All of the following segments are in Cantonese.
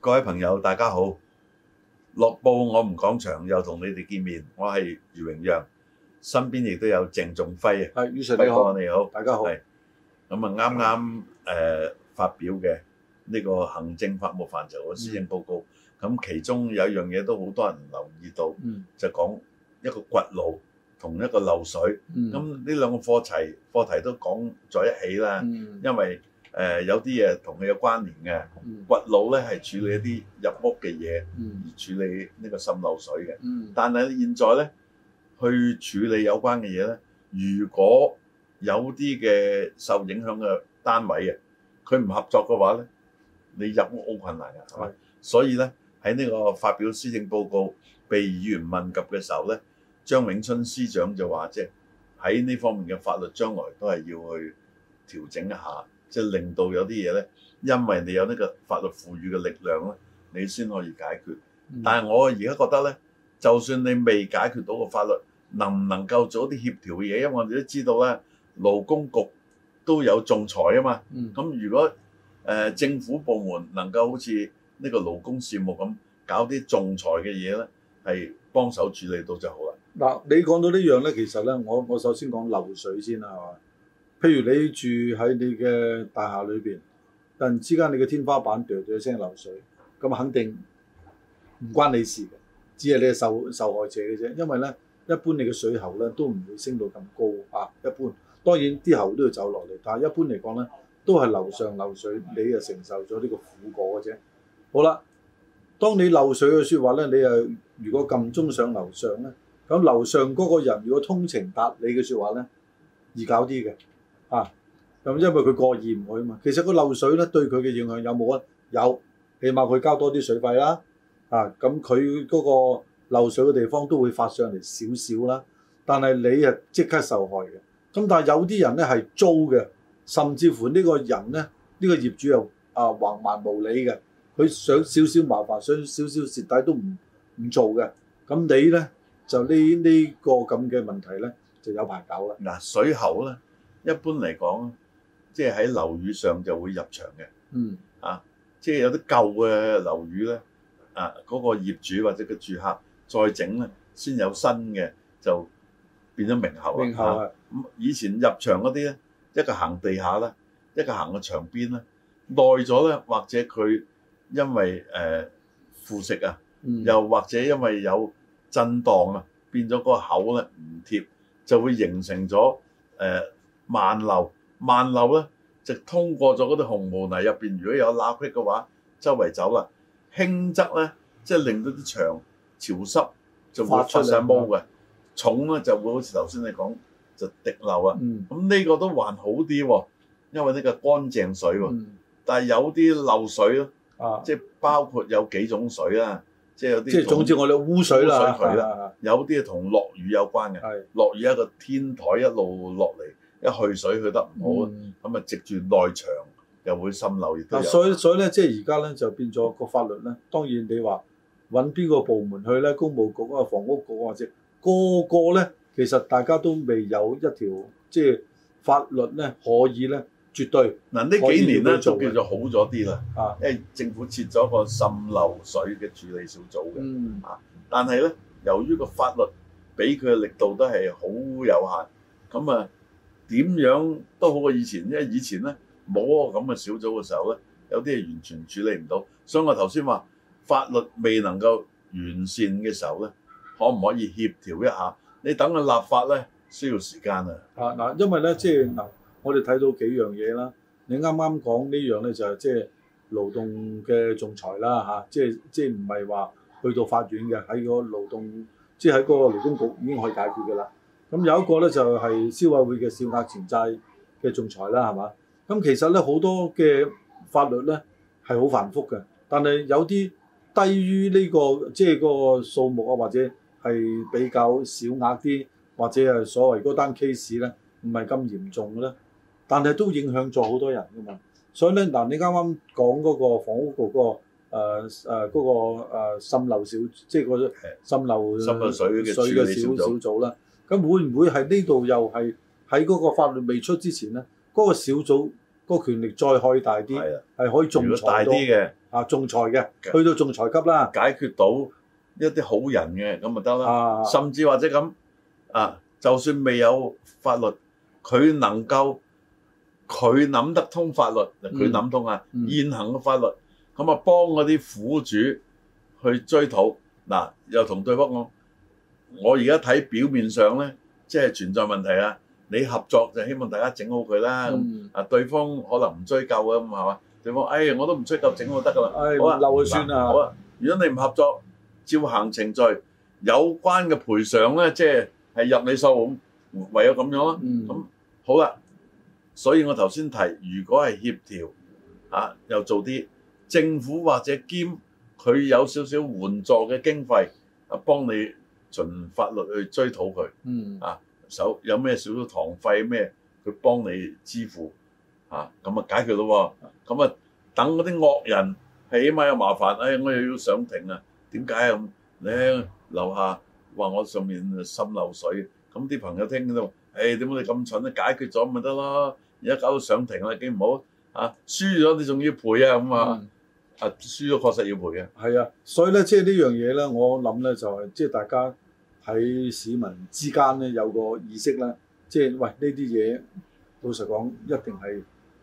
各位朋友，大家好，樂報我唔講場，又同你哋見面，我係余榮陽，身邊亦都有鄭仲輝啊。係余 Sir 你好，你好，大家好。咁啊，啱啱誒發表嘅呢個行政法務範疇嘅施政報告，咁其中有一樣嘢都好多人留意到，就講一個掘路。同一個漏水，咁呢兩個課題課題都講在一起啦。因為誒有啲嘢同佢有關聯嘅，掘路咧係處理一啲入屋嘅嘢，而處理呢個滲漏水嘅。但係現在咧，去處理有關嘅嘢咧，如果有啲嘅受影響嘅單位啊，佢唔合作嘅話咧，你入屋好困難啊，係嘛？所以咧喺呢個發表施政報告被議員問及嘅時候咧。張永春司長就話，即係喺呢方面嘅法律，將來都係要去調整一下，即係令到有啲嘢咧，因為你有呢個法律賦予嘅力量咧，你先可以解決。但係我而家覺得咧，就算你未解決到個法律，能唔能夠做啲協調嘅嘢？因為我哋都知道咧，勞工局都有仲裁啊嘛。咁，嗯，如果誒，呃，政府部門能夠好似呢個勞工事務咁搞啲仲裁嘅嘢咧，係幫手處理到就好啦。嗱，你講到呢樣呢，其實呢，我我首先講漏水先啦，係嘛？譬如你住喺你嘅大廈裏邊，突然之間你嘅天花板掉咗聲漏水，咁肯定唔關你事嘅，只係你係受受害者嘅啫。因為呢，一般你嘅水喉呢都唔會升到咁高啊，一般當然啲喉都要走落嚟，但係一般嚟講呢，都係樓上漏水，你啊承受咗呢個苦果嘅啫。好啦，當你漏水嘅説話呢，你又如果撳鐘上樓上呢。咁樓上嗰個人如果通情達理嘅説話咧，易搞啲嘅啊。咁因為佢過意唔去啊嘛。其實個漏水咧對佢嘅影響有冇啊？有，起碼佢交多啲水費啦。啊，咁佢嗰個漏水嘅地方都會發上嚟少少啦。但係你係即刻受害嘅。咁但係有啲人咧係租嘅，甚至乎呢個人咧呢個業主又啊橫蠻無理嘅，佢想少少麻煩，想少少蝕底都唔唔做嘅。咁你咧？就呢呢個咁嘅問題咧，就有排搞啦。嗱，水喉咧，一般嚟講，即係喺樓宇上就會入場嘅。嗯。啊，即係有啲舊嘅樓宇咧，啊，嗰個業主或者個住客再整咧，先有新嘅就變咗明喉啦。明喉啊。咁以前入場嗰啲咧，一個行地下啦，一個行個牆邊啦。耐咗咧，或者佢因為誒腐蝕啊，又或者因為有。震盪啊，變咗個口咧唔貼，就會形成咗誒、呃、慢流。慢流咧就通過咗嗰啲紅毛泥入邊，如果有罅隙嘅話，周圍走啦。輕則咧即係令到啲牆潮濕，就會出晒毛嘅。重咧就會好似頭先你講就滴漏啊。咁呢、嗯嗯、個都還好啲喎，因為呢個乾淨水喎。嗯、但係有啲漏水咯，即係、啊、包括有幾種水啦。即係有啲，即係總之我哋污水啦，水渠啦，有啲同落雨有關嘅。是是落雨一個天台一路落嚟，一去水去得唔好，咁啊積住內牆又會滲漏。嗱，所以所以咧，即係而家咧就變咗個法律咧。當然你話揾邊個部門去咧？公務局啊、房屋局或者個個咧，其實大家都未有一條即係法律咧可以咧，絕對。嗱呢幾年咧都叫做好咗啲啦，啊、因為政府設咗個滲漏水嘅處理小組嘅，啊、嗯，但係咧由於個法律俾佢嘅力度都係好有限，咁啊點樣都好過以前，因為以前咧冇咁嘅小組嘅時候咧，有啲係完全處理唔到，所以我頭先話法律未能夠完善嘅時候咧，可唔可以協調一下？你等佢立法咧需要時間啊。啊嗱，因為咧即係嗱。就是啊我哋睇到幾樣嘢啦，你啱啱講呢樣咧就係即係勞動嘅仲裁啦嚇、啊，即係即係唔係話去到法院嘅喺個勞動即係喺嗰個勞工局已經可以解決嘅啦。咁有一個咧就係、是、消委會嘅小額錢債嘅仲裁啦，係嘛？咁其實咧好多嘅法律咧係好繁複嘅，但係有啲低於呢、這個即係個數目啊，或者係比較少額啲，或者係所謂嗰單 case 咧唔係咁嚴重嘅咧。但係都影響咗好多人噶嘛，所以咧嗱，你啱啱講嗰個房屋局嗰、嗰個誒誒嗰個誒滲漏小，即係個滲漏水嘅小組啦。咁會唔會喺呢度又係喺嗰個法律未出之前咧？嗰、嗰個小組個權力再可以大啲，係、啊、可以仲裁到啊，仲裁嘅去到仲裁級啦，解決到一啲好人嘅咁咪得啦。啊、甚至或者咁啊，就算未有法律，佢能夠。佢諗得通法律，佢諗通啊！嗯、現行嘅法律咁啊，嗯、幫嗰啲苦主去追討嗱、啊。又同對方講：我而家睇表面上咧，即係存在問題啊！你合作就希望大家整好佢啦。啊、嗯，對方可能唔追究啊，咁係嘛？對方誒、哎，我都唔追究，整好得噶、哎、啦。好啊，漏佢算啦。好啊，如果你唔合作，照行程序，有關嘅賠償咧，即係係入你數，唯有咁樣咯。咁好啦。所以我頭先提，如果係協調，嚇、啊、又做啲政府或者兼佢有少少援助嘅經費，啊，幫你盡法律去追討佢，嗯，啊手有咩少少堂費咩，佢幫你支付，嚇，咁啊解決咯喎，咁啊等嗰啲惡人，起碼有麻煩，誒、哎、我又要上庭啊，點解啊？你樓下話我上面滲漏水，咁、啊、啲、嗯、朋友聽到，誒，點解你咁蠢咧？解決咗咪得咯？啊而家搞到上庭啊，已經唔好啊！輸咗你仲要賠啊，咁啊，嗯、啊輸咗確實要賠嘅、啊。係啊，所以咧，即、就、係、是、呢樣嘢咧，我諗咧就係，即係大家喺市民之間咧有個意識啦。即、就、係、是、喂呢啲嘢，老實講一定係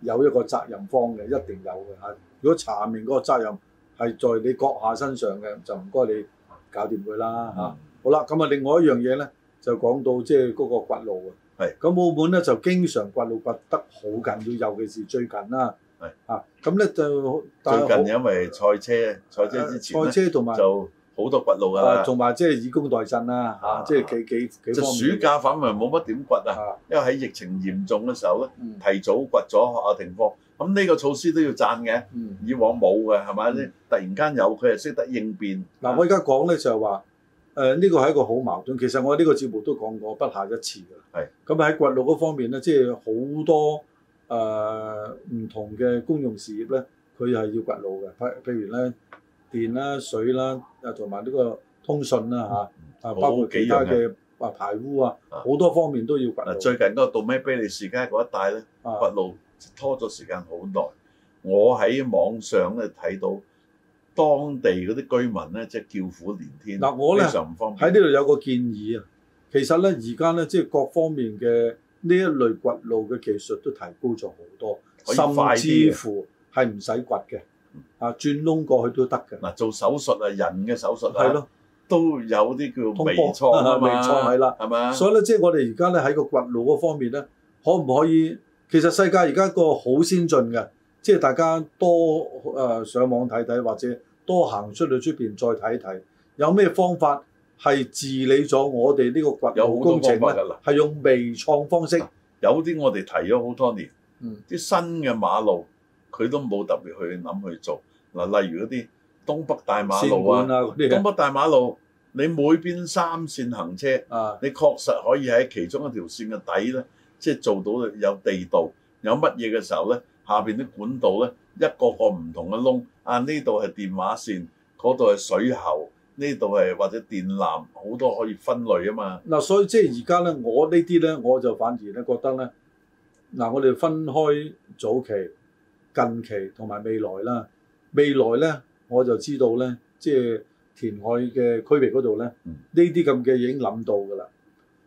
有一個責任方嘅，一定有嘅嚇。如果查明嗰個責任係在你閣下身上嘅，就唔該你搞掂佢啦嚇。嗯、好啦，咁啊，另外一樣嘢咧就講到即係嗰個掘路啊。係，咁澳門咧就經常掘路掘得好緊要，尤其是最近啦。係啊，咁咧就最近因為賽車，賽車之前咧就好多掘路㗎啦。同埋即係以工代賑啦。嚇，即係幾幾幾就暑假反為冇乜點掘啊，因為喺疫情嚴重嘅時候咧，提早掘咗學校停課，咁呢個措施都要讚嘅。以往冇嘅係咪？突然間有佢係識得應變。嗱，我而家講咧就係話。誒呢、呃，這個係一個好矛盾，其實我呢個節目都講過不下一次㗎。係咁喺掘路嗰方面咧，即係好多誒唔、呃、同嘅公用事業咧，佢係要掘路嘅。譬譬如咧電啦、啊、水啦、啊啊，啊同埋呢個通訊啦嚇，啊包括其他嘅啊排污啊，嗯、好啊多方面都要掘、啊。最近嗰、那個、到咩卑利士街嗰一帶咧，掘路、啊、拖咗時間好耐。我喺網上咧睇到。當地嗰啲居民咧，即係叫苦連天。嗱，我咧非常唔方便，喺呢度有個建議啊。其實咧，而家咧，即係各方面嘅呢一類掘路嘅技術都提高咗好多，甚至乎係唔使掘嘅啊，轉窿過去都得嘅。嗱，做手術啊，人嘅手術係咯，都有啲叫微創啊，冇錯，冇錯係啦，係嘛？所以咧，即係我哋而家咧喺個掘路嗰方面咧，可唔可以？其實世界而家個好先進嘅。即係大家多誒上網睇睇，或者多行出去出邊再睇睇，有咩方法係治理咗我哋呢個掘路工程咧？有好多方法嘅。係用微創方式。啊、有啲我哋提咗好多年，啲、嗯、新嘅馬路佢都冇特別去諗去做嗱、啊。例如嗰啲東北大馬路啊，啊東北大馬路你每邊三線行車，啊、你確實可以喺其中一條線嘅底咧，即係做到有地道，有乜嘢嘅時候咧？下邊啲管道咧，一個個唔同嘅窿啊！呢度係電話線，嗰度係水喉，呢度係或者電纜，好多可以分類啊嘛。嗱，所以即係而家咧，我呢啲咧，我就反而咧覺得咧，嗱，我哋分開早期、近期同埋未來啦。未來咧，我就知道咧，即係填海嘅區域嗰度咧，呢啲咁嘅已經諗到㗎啦。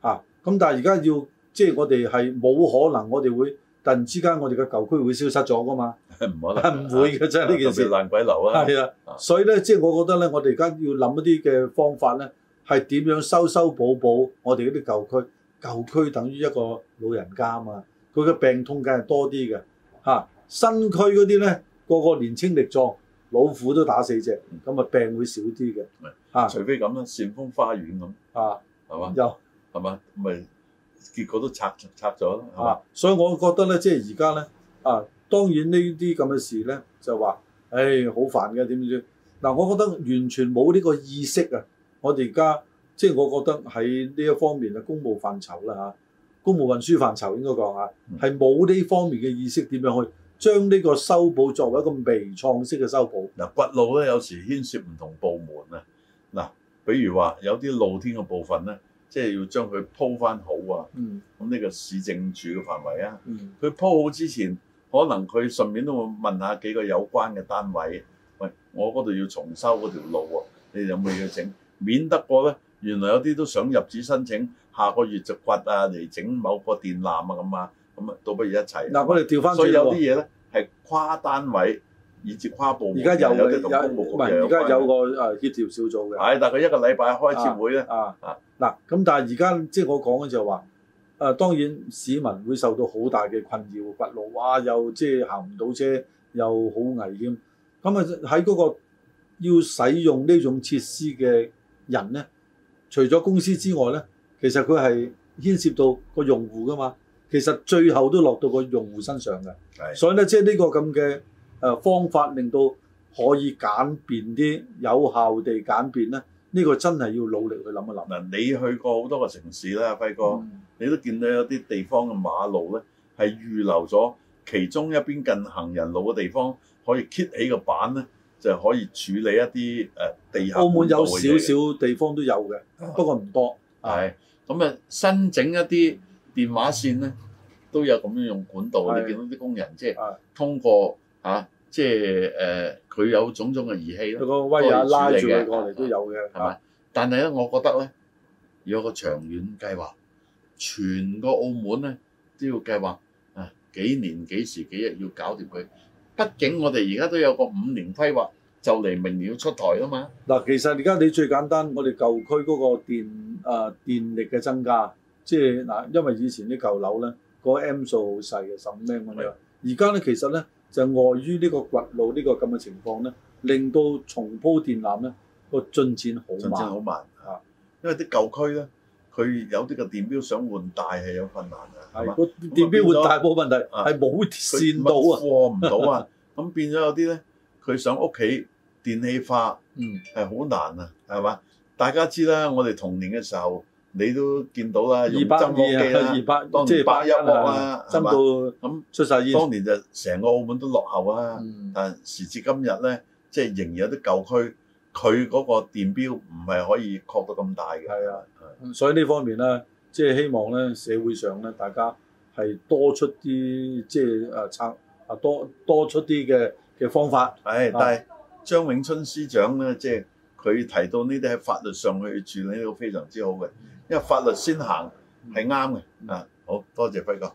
嚇！咁但係而家要即係我哋係冇可能，我哋會。突然之間，我哋嘅舊區會消失咗噶嘛？唔可能，唔、啊、會嘅真係呢件事。特別爛鬼樓啊！係的啊，所以咧，即、就、係、是、我覺得咧，我哋而家要諗一啲嘅方法咧，係點樣修修補補我哋嗰啲舊區？舊區等於一個老人家啊嘛，佢嘅病痛梗係多啲嘅嚇。新區嗰啲咧，個個年輕力壯，老虎都打死隻，咁咪病會少啲嘅嚇。除非咁啦，旋風花園咁嚇係嘛？有係嘛？咪。結果都拆拆咗，係嘛、啊？所以我覺得咧，即係而家咧，啊，當然這這呢啲咁嘅事咧，就話，唉、哎，好煩嘅，點知嗱、啊，我覺得完全冇呢個意識啊！我哋而家即係我覺得喺呢一方面嘅公務範疇啦、啊、嚇，公務運輸範疇應該講下，係冇呢方面嘅意識，點樣去將呢個修補作為一個微創式嘅修補。嗱、嗯，掘路咧，有時牽涉唔同部門啊。嗱、啊，比如話有啲露天嘅部分咧。即係要將佢鋪翻好啊！咁呢、嗯、個市政署嘅範圍啊，佢、嗯、鋪好之前，可能佢順便都會問下幾個有關嘅單位，喂，我嗰度要重修嗰條路喎、啊，你哋有冇嘢整？ 免得過咧，原來有啲都想入紙申請，下個月就掘啊嚟整某個電纜啊咁啊，咁啊，倒不如一齊。嗱那，我哋、嗯、調翻轉喎。所以有啲嘢咧係跨單位。而接跨部門而家有有，而家有，有，有，有個誒協調小組嘅。係，但係一個禮拜開一次會咧、啊。啊，嗱、啊、咁、啊、但係而家即係我講嘅就係話，誒、啊、當然市民會受到好大嘅困擾，掘路哇又即係行唔到車，又好危險。咁啊喺嗰個要使用呢種設施嘅人咧，除咗公司之外咧，其實佢係牽涉到個用戶噶嘛。其實最後都落到個用戶身上嘅。係的，所以咧即係呢個咁嘅。誒方法令到可以簡便啲、有效地簡便咧，呢、這個真係要努力去諗一諗嗱、嗯。你去過好多個城市啦，輝哥，你都見到有啲地方嘅馬路咧，係預留咗其中一邊近行人路嘅地方，可以揭起個板咧，就可以處理一啲誒、呃、地下嘅嘢。澳門有少少地方都有嘅，不過唔多係咁啊。新整一啲電話線咧，都有咁樣用管道。是你見到啲工人即係通過。啊，即係誒，佢、呃、有種種嘅儀器咯，嗰個威亞拉住佢過嚟都有嘅，係嘛、啊？吧但係咧，我覺得咧，要有個長遠計劃，全個澳門咧都要計劃啊，幾年幾時幾日要搞掂佢。畢竟我哋而家都有個五年規劃，就嚟明年要出台啊嘛。嗱，其實而家你最簡單，我哋舊區嗰個電啊電力嘅增加，即係嗱，因為以前啲舊樓咧，個 M 數好細嘅，十五 M 咁、那、樣、個。而家咧，呢其實咧。就礙於呢個掘路呢個咁嘅情況咧，令到重鋪電纜咧個進展好慢。進展好慢嚇，是因為啲舊區咧，佢有啲個電錶想換大係有困難嘅，係嘛的？吧電錶換大冇問題，係冇線路啊，過唔到啊。咁 變咗有啲咧，佢想屋企電氣化，嗯係好難啊，係嘛？大家知啦，我哋童年嘅時候，你都見到啦，用增安機啦，即係八音樂啦，針到咁、嗯、出晒煙，當年就成個澳門都落後啊！嗯、但時至今日咧，即係仍然有啲舊區，佢嗰個電表唔係可以擴到咁大嘅。係啊，所以呢方面咧，即係希望咧，社會上咧，大家係多出啲即係誒策啊，多多出啲嘅嘅方法。係，但係、啊、張永春司長咧，即係啊。就是啊佢提到呢啲喺法律上去處理呢個非常之好嘅，因為法律先行係啱嘅。啊、嗯，嗯、好多謝輝哥。